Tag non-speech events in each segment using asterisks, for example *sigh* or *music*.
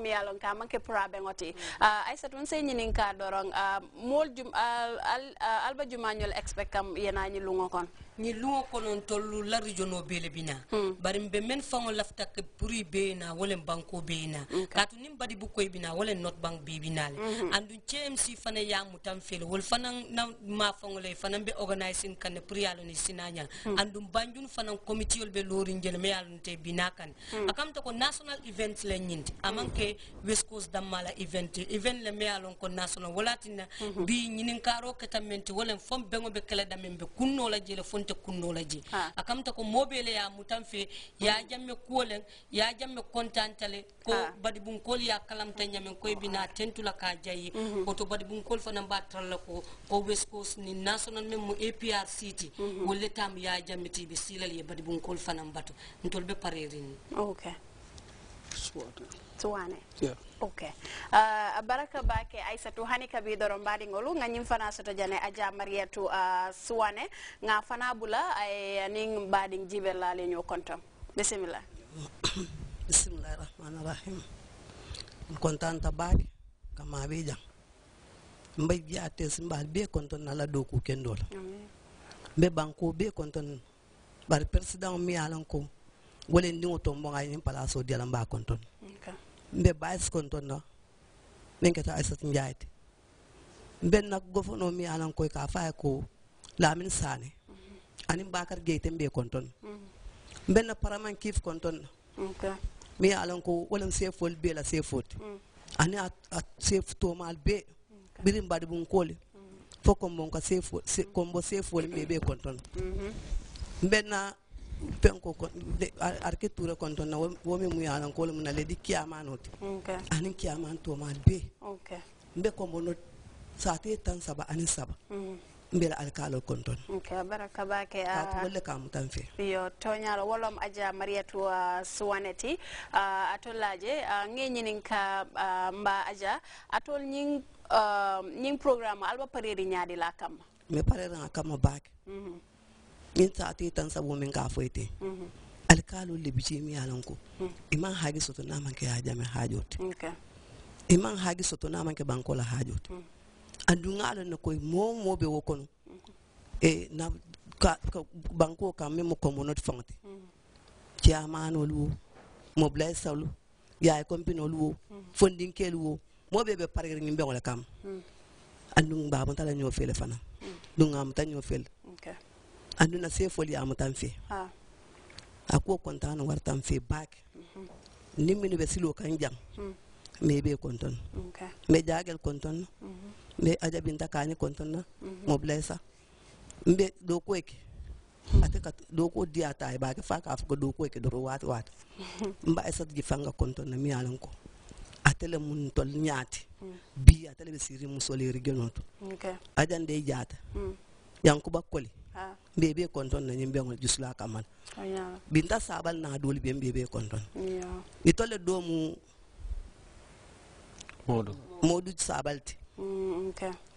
mi yalon ka a pura bengoti uh, ah, a satun se a ka dorong uh, mol jum ah, al, al, a alba jumanyol expect kam yena ni lungo kon ni lungo konon tollu laru jono bele bina hmm. bari mbe men fango lafta ke puri bena wala banko bena okay. katu nim badi bu koy bina wala not bank be binale mm -hmm. andu chmc fana ya mutam fel wol fana na ma fango le fana be organizing kan puri yalo ni sinanya hmm. andu banjun fana be lorin jel me yalo te bina kan hmm. akam to ko national events le nyinti be west coast dammala event event le me alon ko national walatina mm -hmm. bi nyinin karo keta menti wala fom bengo be kala damen be kunno la je le fonte kunno la je ah. akamta ko mobele ya mutamfe ya jamme kuolen ya jamme kontantale ko ah. badi bun kol ya kalamta nyamen koy bina tentula ka jayi mm -hmm. oto badi bun kol fana mbatral la ko ko west coast ni national mem mo APR city mm -hmm. wolle tam ya jamme tibe silal ye badi bun kol fana mbato ntol be parerin okay Suane, yeah. ok uh, baraka bake aissatu hani kabi doron baɗigolu gañin fana soto jane aja mariatu uh, eh, suane ga fana bula ay nin baɗig jibel laleño kontom bisimilla bisimillahi *coughs* rahmani rahim kontanta baake kama ɓe jam mbay ji atte simbal be konton ala dow ku kendola mbe banku be konton bar persidang mi alan wole mm-hmm. ndiŋo mm-hmm. mm. to mboŋa ñiŋ palasoo diya la mbe a kontoŋ mbe baayis kontoŋ na meŋ keta aisat njaay ti mbeŋ na gofonoo miŋ ye a naŋ koyi ka a fo a ye ko laamini saane aniŋ baakari geyite mbe kontoŋ na mbeŋ paramaŋ kiif kontoŋ na miŋ ye a loŋ ko wo leŋ seefoolu bee la seefoo ti aniŋ a seefu toomaalu bee biriŋ badibunkuwo le fo konbonka seefoo konbo seefoolu miŋ ye bee kontoŋ na mbeŋ penko arke tura konton na wo me mu yalan ko mun na le di ti okay. anin kiyama to ma be okay. mbe ko mono sate tan saba anin saba mm. mbe la alkalo konton okay, baraka bake a ta ah, wala kam tan fe yo to nyaro wolom aja maria uh, suwaneti uh, ah, atolaje uh, ah, ngenyinin ka mba aja atol nying uh, nying programme alba pareri nyaadi la kam me pareri kama bake mm mm-hmm. min sati tan sabo min ka foyi ten mhm. alkalol le bije mi yalan ko mhm. iman haagi soto namanke hajame hajot iman haagi soto namanke bankola hajot mhm. andungalon ne koye mo mo ɓe wo kono e na banko kam min mo communauté fonte ciyamanol wo moblay salu yaye compinol wo fondinkel wo moɓe ɓe pargir ñimɓeŋole kam andun mbamutala ñofele fana dun gamuta ñofele a se foli a mutan fe a ko kɔntan mhm. ni wari tan fe bak ni minnu bɛ silo kan jam hmm. me be konton me jagel konton mhm. me ajabinta kani konton na mhm. mo blesa mbe do kweke hmm. ate kat do ko dia ta e ba ka fa ka fa do ko ke do wat wat mba esat gi fanga konton na mi alan ko atele mun tol nyaati hmm. bi atele be siri musole rigenot okay adan de jaata yankuba koli bebe konton na nyimbe ngol jusla kaman oh, yeah. binta sabal na doli be bebe konton yeah. itole do mu modu modu sabalti mm,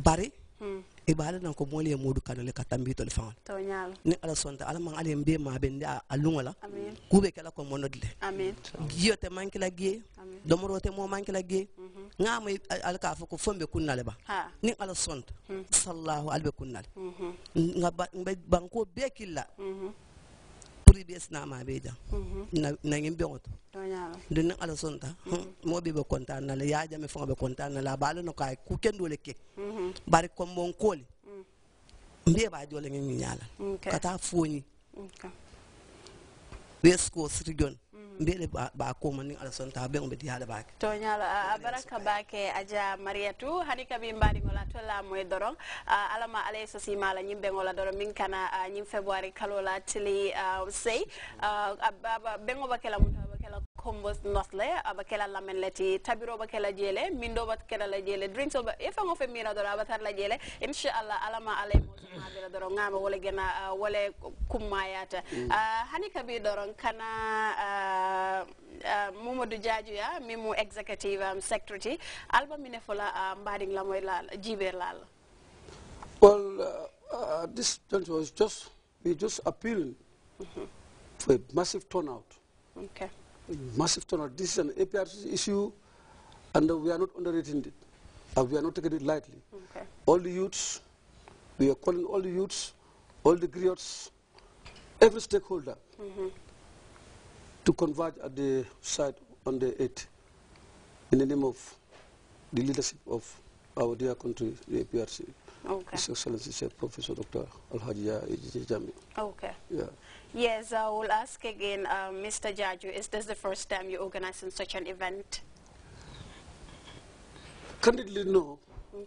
bari hmm. ibada e nan ko moolu ye moodu kanole ka tambitol faŋol ni ala sonta ala maŋ ala ye mbee maa bendi a luŋo la kuu be kela ko mono dile jiyo te maŋ kila gee domoroo te moo maŋ kila gee mhm. ŋa mo ala ka fo ko foŋ be kunna le baŋ ala sonta mhm. sallahu ala be kunna le mhm. nŋa bee killa previous nama beja na na ngim bengoto dun ala sonta mo mm-hmm. be be kontan na le jame fanga be kontan na la balo no kay ku kendo le mm-hmm. bari ko mon koli mbiye mm. ba jole ngin nyala kata foni west coast mbele ba ko man ni alasan ta be umbe diala ba to nyalo a baraka ba ke aja mariatu hani ka bi mbadi ngola to la moy dorong alama alay so sima la nyimbe ngola dorong min kana nyim february kalola tili say ababa bengo ba kala mutaba kela combos a aba kela lamen leti tabiro ba kela jele mindo ba kela la jele drinks ba e fango fe mira dora aba tar la jele inshallah alama alay mo ma dira doro ngama wala gena wala kummayata mm. hani kabi doron kana Mamadou Diadjouya mi executive um, secretary alba la uh, well uh, uh, this was just we just appealing for a massive turnout okay massive turnout this is an APRC issue and we are not underrating it and we are not taking it lightly okay. all the youths we are calling all the youths all the griots every stakeholder mm -hmm to converge at the site on the 8th in the name of the leadership of our dear country, the APRC. Okay. His Excellency Chief Professor Dr. Alhaji Jami. Okay. Yeah. Yes, I will ask again, uh, Mr. Jaju, is this the first time you're organizing such an event? Candidly, no.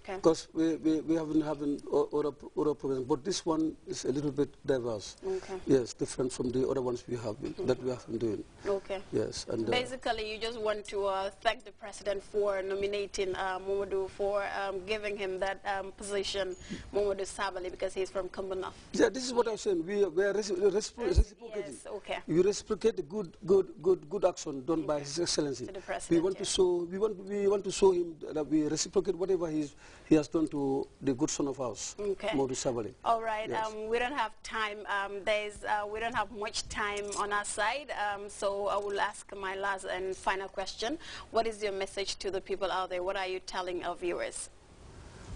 Because we, we, we haven't having other, other programs, but this one is a little bit diverse. Okay. Yes, different from the other ones we have been, mm -hmm. that we have been doing. Okay. Yes. And uh, basically, you just want to uh, thank the president for nominating uh, Momodu for um, giving him that um, position, Momodu Sabali, because he's from Kumbunaf. Yeah, this is what I'm saying. We we are reciprocating. Yes. Okay. We reciprocate the good good good good action done by His Excellency. To the president. We want yeah. to show we want we want to show him that we reciprocate whatever he's he has done to the good son of ours, okay. Maurice Sabali. All right. Yes. Um, we don't have time. Um, there's, uh, we don't have much time on our side, um, so I will ask my last and final question. What is your message to the people out there? What are you telling our viewers?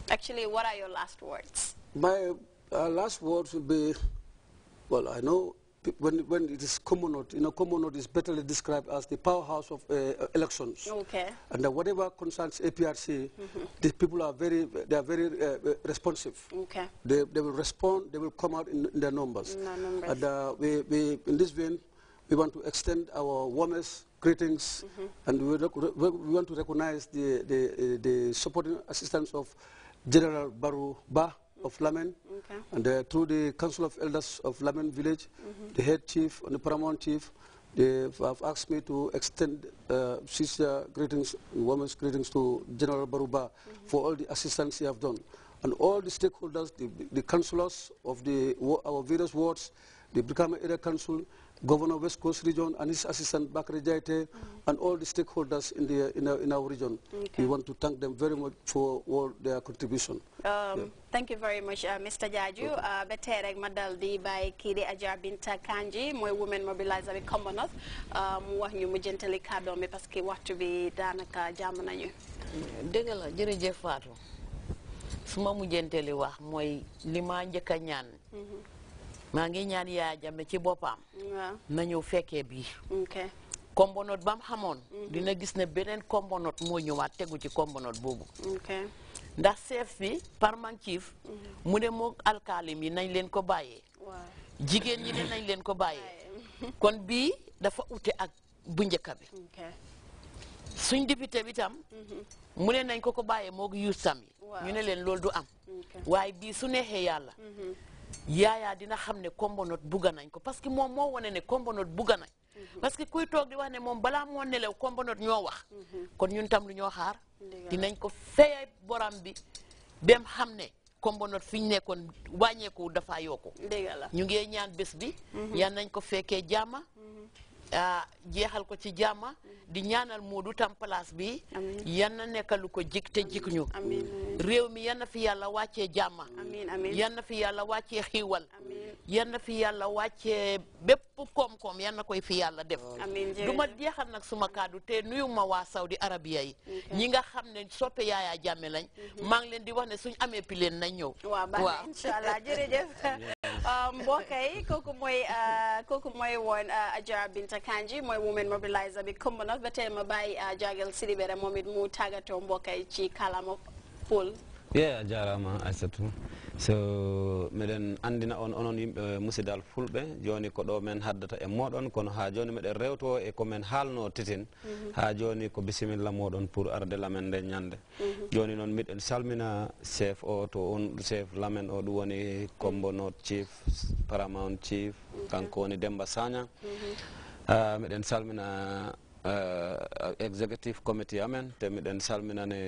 Actually, what are your last words? My uh, last words will be, well, I know when, when it is common note, in a common note is better described as the powerhouse of uh, uh elections. Okay. And uh, whatever concerns APRC, mm -hmm. the people are very, they are very uh, uh, responsive. Okay. They, they will respond, they will come out in, in their numbers. In their numbers. And uh, we, we, in this vein, we want to extend our warmest greetings mm -hmm. and we, we, want to recognize the, the, the supporting assistance of General Baru Ba, of Lamen, okay. and uh, through the Council of Elders of Lamen Village, mm -hmm. the head chief and the paramount chief, they have asked me to extend uh, sincere greetings, women's greetings to General Baruba mm -hmm. for all the assistance he have done. And all the stakeholders, the, the councillors of the, our various wards, the Brikama Area Council, Governor West Coast Region and his assistant Bakre Jaite mm. and all the stakeholders in, the, in, our, in our region. Okay. We want to thank them very much for all their contribution. Um, yeah. Thank you very much, uh, Mr. Jaju. Ba tey rek di by kiri di Adja Binta Kanji mooy women mobiliser bi Commonwealth mu um, wax ñu mu jëntali kàddoom bi parce que waxtu bi daanaka jàmm nañu. dëgg la jërëjëf Fatou su ma mujjantali wax mooy li ma maa ngi ñaan Yaya Jammeh ci boppam. na ñëw fekkee bii. kombonoot ba xamoon. Mhm. dina gis ne beneen kombonoot moo ñëwaat tegu ci kombonoot boobu. ndax seef bi parman chief. Mhm. mu ne moog alkaalim yi nañ leen ko bàyyee. jigéen ñi ne nañ leen ko bàyyee. kon bii dafa ute ak bu njëkk bi. suñ député bi mhm. mu ne nañ ko ko bàyyee moog yuusam yi. ñu ne leen lool du am. waaye bii su neexee yàlla. yaayaa dina xam ne kombonoot bugga nañ ko parce que moom moo wane ne kombonoot bugga nañ mhm. parce que kuy toog di wax ne moom balaa moo nelew kombonoot ñoo wax mhm. kon ñun tam lu ñoo xaar dinañ ko feyay boram bi bem xam ne kombonoot fi ñu nekkoon wàññeeku dafa yokku ñu ngi ñaan bés bi mhm. yal nañ ko fekkee jàmma jeexal ko ci jàmma di ñaanal Moodu tam place bi yanna na nekkalu ko jik te jik ñu réew mi yan na fi yàlla wàccee jàmma yan na fi yàlla wàccee xiiwal yan na fi yàlla wàccee bépp koom-koom yan na koy fi yàlla def du ma jeexal nag suma kàddu te nuyu ma waa Saudi Arabia yi ñi nga xam ne soppe yaayaa jàmme lañ mhm. maa ngi leen di wax ne suñ amee pileen nañ ñëw waaw baax incha allah jërëjëf *laughs* *laughs* um, mbokk kooku mooy uh, kooku mooy woon uh, Ajara Binta Kanji mooy women mobiliser bi Kombo North ba tey ma bàyyi uh, jaagal Sidibere moom it mu tàggatoo mbokkay ci kàllaama pool. yeah jarama aissatou so medan andina on onon yimɓe eh, musidal fulɓe joni ko ɗo men haddata e moɗon kono ha joni miɗen rewto e komin haalno teten mhm. ha joni ko bisimilla moɗon pour arde lamen nden ñande mhm. joni non miɗen salmina chef o to on chef lamen o ɗum woni combo note chief paramount chief mhm. kanko woni demba sagna ah, miɗen salmina eh, executive committee amen te salmina ne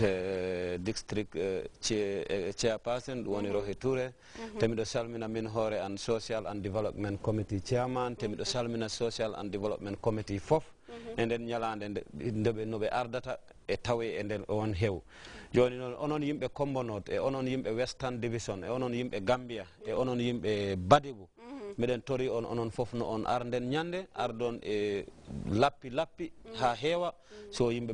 Eh, district eh, eh, chairperson woni mhm. rohi touré mhm. temi ɗo salmina min hoore an social and development committee chairman temi ɗo mhm. salmina social and development committee fof e nden ñalande ndeɓe noɓe ardata e tawe e nden on heew joni noon onon yimɓe combonot e onon yimɓe western division e onon yimɓe gambia e onon yimɓe badibo miɗen tori on onon fof no on arden ñande ardon e lappi lappi ha heewa so yimɓe